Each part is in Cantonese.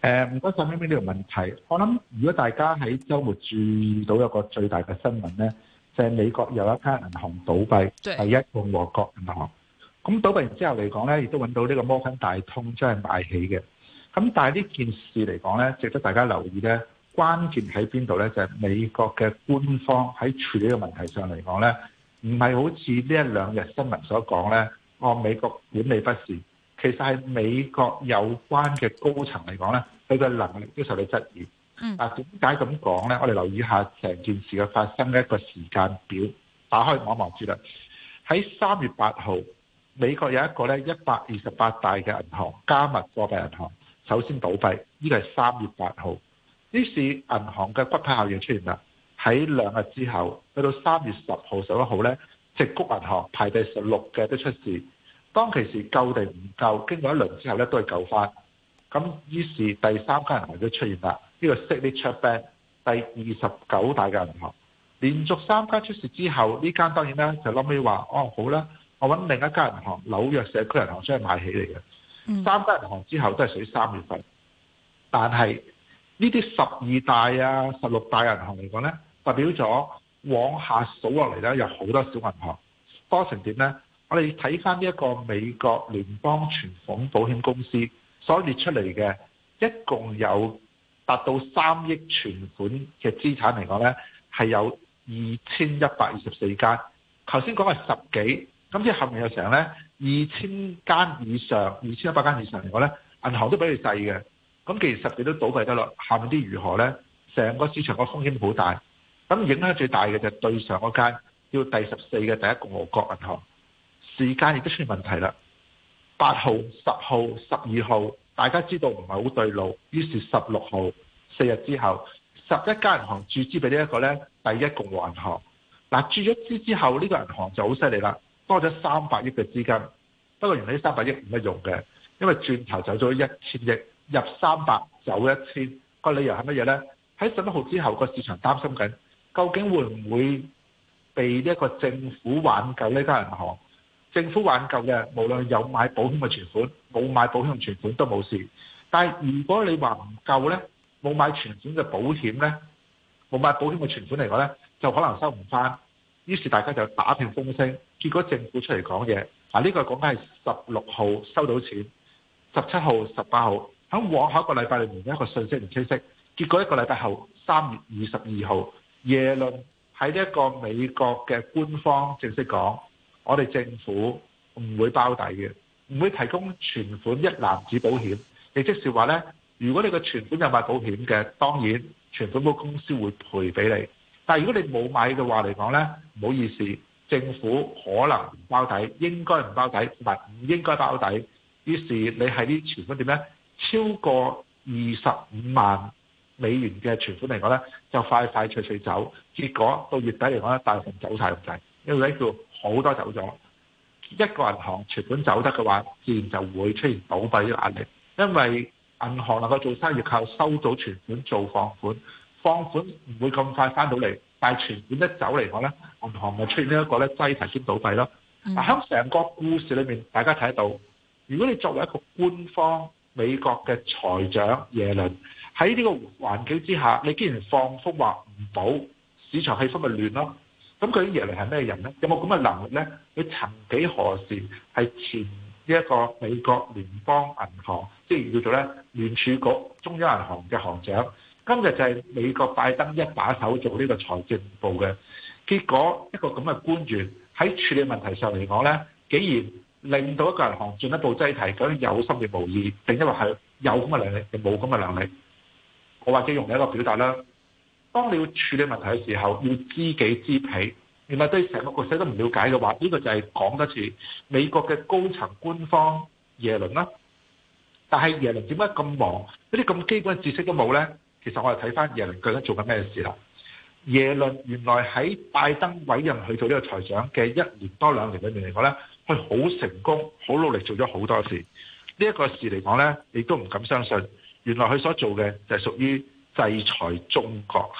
誒唔該曬，冰冰呢個問題，我諗如果大家喺週末注意到一個最大嘅新聞咧，就係美國有一間銀行倒閉，第一共和國銀行。咁倒閉完之後嚟講咧，亦都揾到呢個摩根大通將係買起嘅。咁但係呢件事嚟講咧，值得大家留意咧，關鍵喺邊度咧？就係美國嘅官方喺處理呢個問題上嚟講咧，唔係好似呢一兩日新聞所講咧，按美國管理不善。其實係美國有關嘅高層嚟講呢，佢嘅能力都受到質疑。嗯，啊點解咁講呢？我哋留意一下成件事嘅發生嘅一個時間表。打開網網住啦，喺三月八號，美國有一個呢一百二十八大嘅銀行、加密貨幣銀行首先倒閉，呢個係三月八號。於是銀行嘅骨牌效應出現啦。喺兩日之後，去到三月十號、十一號呢，矽谷銀行排第十六嘅都出事。當其時救定唔救，經過一輪之後咧，都係救翻，咁於是第三間銀行都出現啦，呢、這個 Signature Bank 第二十九大嘅銀行，連續三間出事之後，呢間當然呢，就諗起話哦，好啦，我揾另一間銀行紐約社區銀行出去買起嚟嘅。嗯、三間銀行之後都係屬於三月份，但係呢啲十二大啊十六大銀行嚟講咧，代表咗往下數落嚟咧有好多小銀行，多成點咧？我哋睇翻呢一個美國聯邦存款保險公司所列出嚟嘅，一共有達到三億存款嘅資產嚟講呢，係有二千一百二十四間。頭先講係十幾，咁即係後面有成呢，二千間以上，二千一百間以上嚟講呢，銀行都比佢細嘅。咁其實十幾都倒閉得落，下面啲如何呢？成個市場個風險好大。咁影響最大嘅就對上嗰間叫第十四嘅第一共和國銀行。時間亦都出現問題啦。八號、十號、十二號，大家知道唔係好對路。於是十六號四日之後，十一間銀行注資俾呢一個咧第一共和銀行。嗱，注咗資之後，呢、呢個銀行就好犀利啦，多咗三百億嘅資金。不過，原來呢三百億唔一用嘅，因為轉頭走咗一千億，入三百走一千。個理由係乜嘢呢？喺十一號之後，個市場擔心緊，究竟會唔會被呢一個政府挽救呢間銀行？政府挽救嘅，無論有買保險嘅存款，冇買保險嘅存款都冇事。但係如果你話唔夠呢，冇買存款嘅保險呢，冇買保險嘅存款嚟講呢，就可能收唔翻。於是大家就打聽風聲，結果政府出嚟講嘢。嗱、啊，呢、這個講緊係十六號收到錢，十七號、十八號，喺往後一個禮拜裡面，一個信息唔清晰。結果一個禮拜後，三月二十二號，耶倫喺呢一個美國嘅官方正式講。我哋政府唔會包底嘅，唔會提供存款一攬子保險。亦即是話呢，如果你個存款有買保險嘅，當然存款嗰個公司會賠俾你。但係如果你冇買嘅話嚟講呢，唔好意思，政府可能唔包底，應該唔包底，唔係，唔應該包底。於是你喺啲存款點呢？超過二十五萬美元嘅存款嚟講呢，就快快脆脆走。結果到月底嚟講呢，大部分走曬咁滯，因為呢個叫。好多走咗，一個銀行存款走得嘅話，自然就會出現倒閉嘅壓力。因為銀行能夠做生意靠收到存款做放款，放款唔會咁快翻到嚟，但係存款一走嚟講呢，銀行咪出現呢一個呢擠提先倒閉咯。喺成、嗯、個故事裏面，大家睇得到，如果你作為一個官方，美國嘅財長耶倫喺呢個環境之下，你既然放寬話唔保，市場氣氛咪亂咯。咁佢而嚟係咩人呢？有冇咁嘅能力呢？佢曾幾何時係前一個美國聯邦銀行，即係叫做咧聯儲局，中央銀行嘅行長。今日就係美國拜登一把手做呢個財政部嘅。結果一個咁嘅官員喺處理問題上嚟講呢，竟然令到一個銀行進一步擠提，究竟有心亦無意？定因為係有咁嘅能力定冇咁嘅能力？我或者用另一個表達啦。當你要處理問題嘅時候，要知己知彼。原來對成個國勢都唔了解嘅話，呢、這個就係講得似美國嘅高層官方耶倫啦。但係耶倫點解咁忙，一啲咁基本嘅知識都冇呢？其實我哋睇翻耶倫究竟做緊咩事啦。耶倫原來喺拜登委任去做呢個財長嘅一年多兩年裏面嚟講呢，佢好成功、好努力做咗好多事。呢、這、一個事嚟講呢，你都唔敢相信，原來佢所做嘅就係屬於。制裁中國，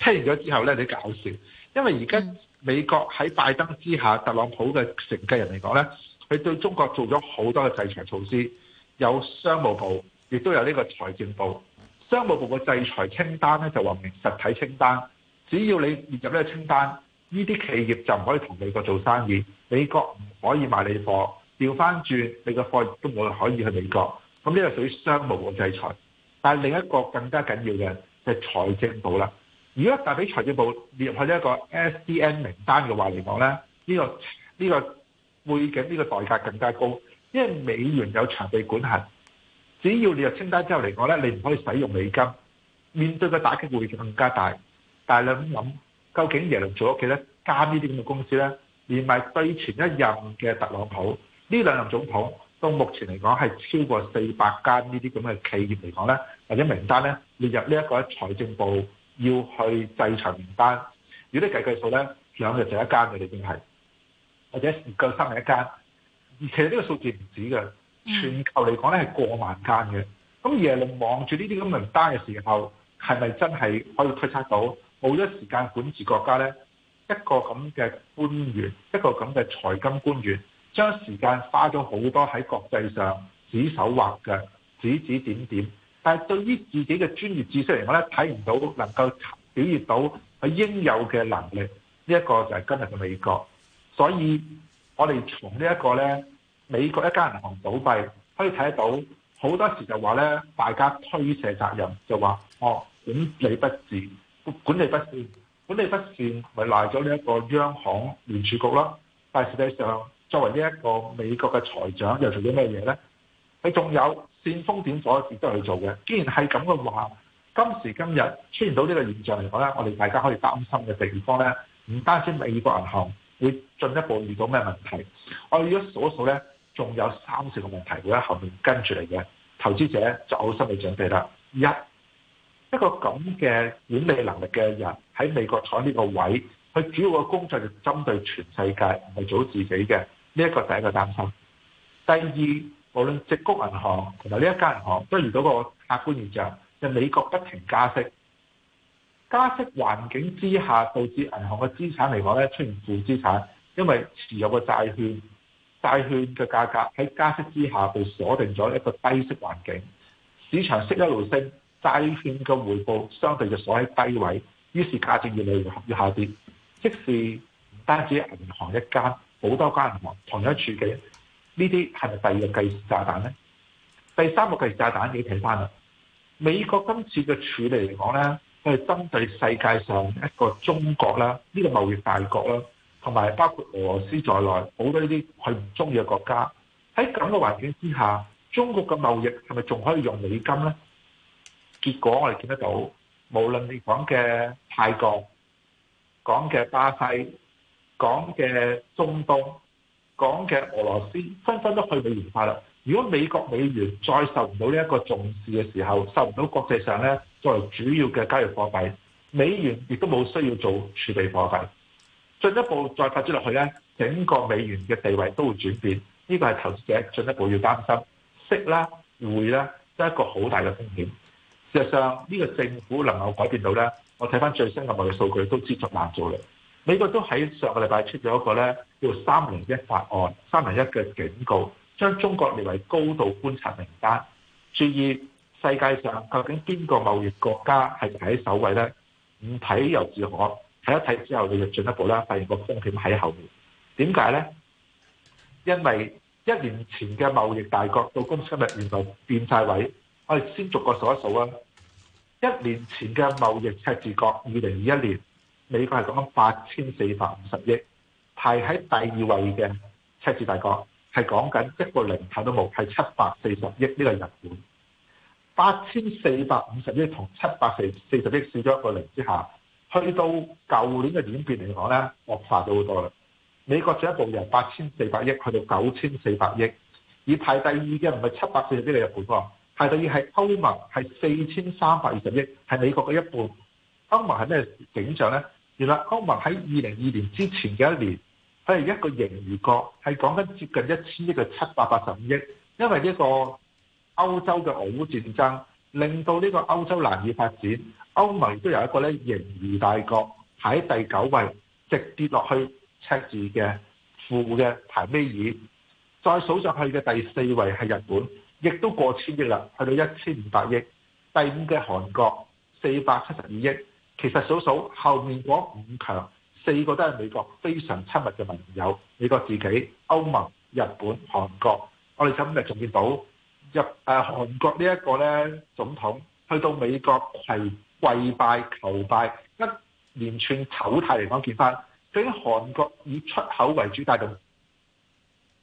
聽完咗之後咧，你搞笑，因為而家美國喺拜登之下，特朗普嘅承繼人嚟講咧，佢對中國做咗好多嘅制裁措施，有商務部，亦都有呢個財政部。商務部嘅制裁清單咧就話明實體清單，只要你列入呢個清單，呢啲企業就唔可以同美國做生意，美國唔可以賣你貨，調翻轉你個貨亦都冇可以去美國，咁呢個屬於商務嘅制裁。但係另一個更加緊要嘅就係財政部啦。如果帶俾財政部列入去呢一個 SDN 名單嘅話嚟講咧，呢、這個呢、這個背景呢個代價更加高，因為美元有長制管限。只要你入清單之後嚟講咧，你唔可以使用美金，面對嘅打擊會更加大。但量諗究竟耶倫做屋企咧加呢啲咁嘅公司咧，連埋對前一任嘅特朗普呢兩任總統。到目前嚟講，係超過四百間呢啲咁嘅企業嚟講咧，或者名單咧列入呢一個財政部要去制裁名單。如果你計計數咧，兩日就一間嘅，你淨係，或者唔夠三日一間。而且呢個數字唔止嘅，全球嚟講咧係過萬間嘅。咁而家你望住呢啲咁名單嘅時候，係咪真係可以推測到冇咗時間管治國家咧？一個咁嘅官員，一個咁嘅財金官員。將時間花咗好多喺國際上指手畫腳、指指點點，但對於自己嘅專業知識嚟講咧，睇唔到能夠表現到佢應有嘅能力，呢一個就係今日嘅美國。所以我哋從呢一個咧，美國一間銀行倒閉，可以睇得到好多時就話咧，大家推卸責任，就話哦，管理不善，管理不善，管理不善，咪賴咗呢一個央行聯儲局啦。但係實際上，作為呢一個美國嘅財長，又做咗咩嘢咧？佢仲有煽風點火嘅事都去做嘅。既然係咁嘅話，今時今日出現到呢個現象嚟講咧，我哋大家可以擔心嘅地方咧，唔單止美國銀行會進一步遇到咩問題，我哋如果數數咧，仲有三四個問題會喺後面跟住嚟嘅。投資者就好心理準備啦。一一個咁嘅管理能力嘅人喺美國坐呢個位置，佢主要嘅工作就是針對全世界，唔係做自己嘅。呢一個第一個擔心，第二無論矽谷銀行同埋呢一家銀行都遇到個客觀現象，就是、美國不停加息，加息環境之下導致銀行嘅資產嚟講咧出現負資產，因為持有嘅債券，債券嘅價格喺加息之下被鎖定咗一個低息環境，市場息一路升，債券嘅回報相對就鎖喺低位，於是價值越嚟越下跌。即使唔單止銀行一間。好多間銀行同樣處境，呢啲係咪第二個計時炸彈呢？第三個計時炸彈你睇翻啦。美國今次嘅處理嚟講呢，佢係針對世界上一個中國啦，呢個貿易大國啦，同埋包括俄羅斯在內好多呢啲佢唔中意嘅國家。喺咁嘅環境之下，中國嘅貿易係咪仲可以用美金呢？結果我哋見得到，無論你講嘅泰國，講嘅巴西。講嘅中東，講嘅俄羅斯，紛紛都去美元化啦。如果美國美元再受唔到呢一個重視嘅時候，受唔到國際上咧作為主要嘅交易貨幣，美元亦都冇需要做儲備貨幣。進一步再發展落去咧，整個美元嘅地位都會轉變。呢、這個係投資者進一步要擔心息啦、匯啦，都係一個好大嘅風險。事實上，呢、這個政府能夠改變到咧，我睇翻最新嘅外匯數據都知道難做嚟。美國都喺上個禮拜出咗一個咧，叫三零一法案，三零一嘅警告，將中國列為高度觀察名單。注意世界上究竟邊個貿易國家係排喺首位咧？唔睇又如何？睇一睇之後，你就進一步啦發現個風險喺後面。點解咧？因為一年前嘅貿易大國到今日原來變晒位。我哋先逐個數一數啊！一年前嘅貿易赤字國，二零二一年。美國係講緊八千四百五十億，排喺第二位嘅赤字大國係講緊一個零頭都冇，係七百四十億呢個日本。八千四百五十億同七百四四十億少咗一個零之下，去到舊年嘅演變嚟講咧，惡化咗好多啦。美國進一步由八千四百億去到九千四百億，而排第二嘅唔係七百四十億嘅日本喎，排第二係歐盟，係四千三百二十億，係美國嘅一半。歐盟係咩景象咧？原來，歐盟喺二零二年之前嘅一年，佢係一個盈餘國，係講緊接近一千億嘅七百八十五億。因為呢個歐洲嘅俄烏戰爭，令到呢個歐洲難以發展。歐盟都有一個咧盈餘大國喺第九位，直跌落去赤字嘅負嘅排尾二。再數上去嘅第四位係日本，亦都過千億啦，去到一千五百億。第五嘅韓國四百七十二億。其實數數後面嗰五強，四個都係美國非常親密嘅盟友。美國自己、歐盟、日本、韓國。我哋今日仲見到日誒韓國呢一個咧總統去到美國係跪拜求拜，一連串醜態嚟講見返。對於韓國以出口為主帶動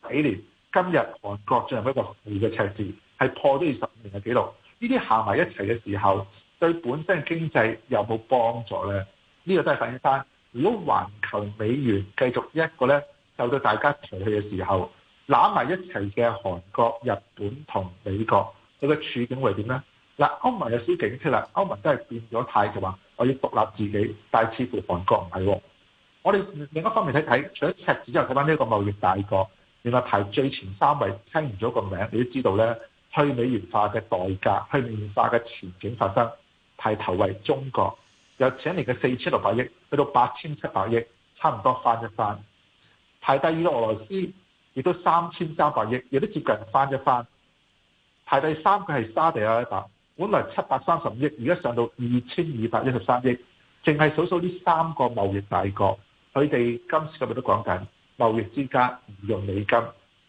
幾年，今日韓國進入一個負嘅赤字，係破咗二十五年嘅記錄。呢啲行埋一齊嘅時候。對本身嘅經濟有冇幫助咧？呢個都係反映翻。如果環球美元繼續一個咧受到大家除去嘅時候，攬埋一齊嘅韓國、日本同美國，佢嘅處境會點咧？嗱，歐盟有少少警戒啦。歐盟都係變咗態嘅話，我要獨立自己，但係似乎韓國唔係喎。我哋另一方面睇睇，除咗赤字之後，睇翻呢一個貿易大國，原來排最前三位聽唔咗個名，你都知道咧，去美元化嘅代價、去美元化嘅前景發生。排頭為中國，由前年嘅四千六百億去到八千七百億，差唔多翻一番。排第二嘅俄羅斯，亦都三千三百億，亦都接近翻一番。排第三個係沙地阿拉伯，本來七百三十五億，而家上到二千二百一十三億。淨係數數呢三個貿易大國，佢哋今次今日都講緊貿易之間唔用美金，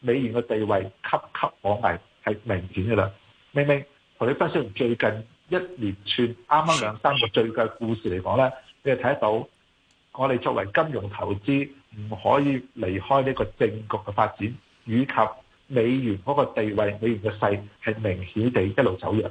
美元嘅地位岌岌可危係明顯㗎啦。明明同你分析完最近。一連串啱啱兩三個最嘅故事嚟講呢，你係睇得到，我哋作為金融投資唔可以離開呢個政局嘅發展，以及美元嗰個地位，美元嘅勢係明顯地一路走弱。